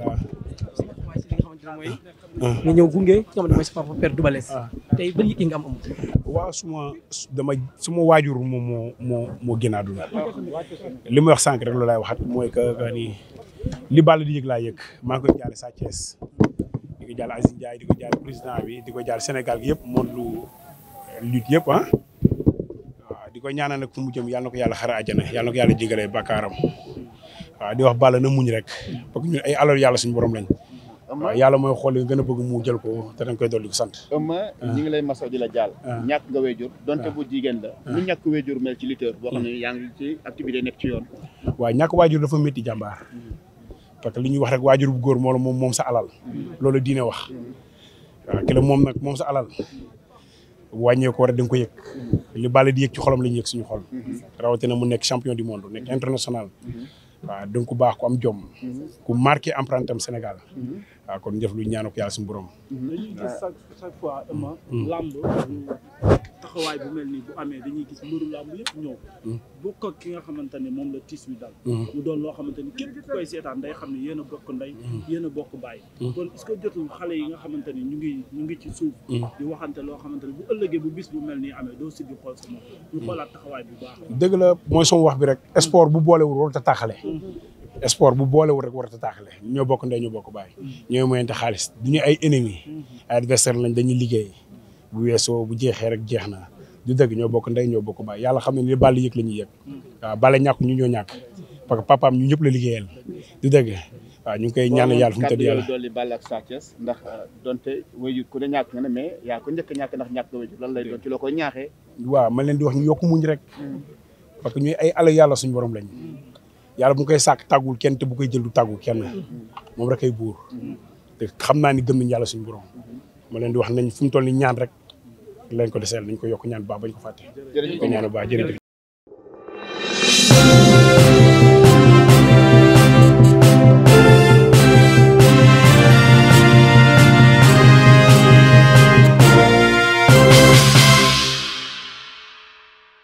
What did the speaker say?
waaw. nga ñëw gunge ci ah. nga xam waaw suma dama suma waajur moom moo moo moo génn àdduna li muy wax sànq rek loolu laay waxat mooy que ni li bàll di yëg laa yëg maa ngi koy jaale Sa di ko jaale Aziz Ndiaye di ko jaale président bi di ko jaale Sénégal yëpp moom lu lutte yëpp ah. di ko ñaanal nag fu mu jëm yàlla ko yàlla xara àjjana yàlla na ko yàlla jégalee waaw di wax Balla na muñ rek parce que ñun alal yàlla suñu borom lañ. waaw yàlla mooy xool li gën a bëgg mu jël ko te koy dolli ko sant. ëmma ah. ñi ngi lay masaw di la jaal. Ah. ñàkk nga wéjur donte ah. bu jigéen la. lu ñàkk wéjur mel ci lutteur boo xam ne hmm. yaa ngi ci activité yoon. waaw ñàkk waajur dafa métti jàmbaar. Hmm. parce que li ñuy wax rek waajur bu góor moom moom sa alal. Hmm. loolu diine wax. waaw moom nag moom sa alal. wàññeeku war a da nga ko yëg lu Balla di yëg ci xolom la ñu yëg suñu xol. rawatina mu nekk champion du monde nekk international. waaw donc ku baax ku am jom. Mhm. ku marqué empreinte am Sénégal. Mhm. waaw kon def lu ñaanal ko yàlla suñu borom. Mhm. dañuy gis taxawaay bu mel nii bu amee dañuy gis mbëru làmb yëpp ñëw hmm. bokk ak ki nga xamante ne moom la tiis bi dal hmm. mu doon loo xamante ni képp koy seetaan day xam ne yéen a bokk ndey hmm. yéen a bokk bàyyi kon que xale yi nga xamante ni ñu ngi ñu ngi ci suuf di waxante loo xamante ne bu ëllëgee bu bis bu mel nii amee doo siggi xool sama dëgg la mooy sama wax bi rek sport bu boolewul warut a taaxale sport bu boolewul rek warut a taaxale ñoo bokk ndey ñoo bokk bàyyi ñooy moyente xaalis duñu ay ennemi ay adversaire lañ dañuy liggéey bu weesoo bu jeexee rek jeex na du dëgg ñoo bokk ndey ñoo bokk baay yàlla xam ne ni Balla yëg la ñuy yëg waaw Balla ñàkk ñu ñoo ñàkk parce que papaam ñu ñëpp la liggéeyal du dëgg waaw ñu ngi koy ñaan yàlla fu mu tëdd yàlla Sa ndax euh, donte wéyu ku ne ñàkk ne mais yaa ko njëkk ñàkk ndax ñàkk nga wéyu lan lay doon ci la koy waaw man leen di wax ñu yokku muñ rek parce que ñuy ay ala yàlla suñu borom lañ yàlla bu ngi koy sàkk tàggul kenn te bu koy jël du tàggul kenn moom rek ay buur te xam naa ni gëm nañ yàlla suñu borom ma leen di wax nañ fu mu toll ni ñaan rek lañ ko deseel ko yokk ñaan baa bañ ko fàtte ko ñaan baa jërëjëf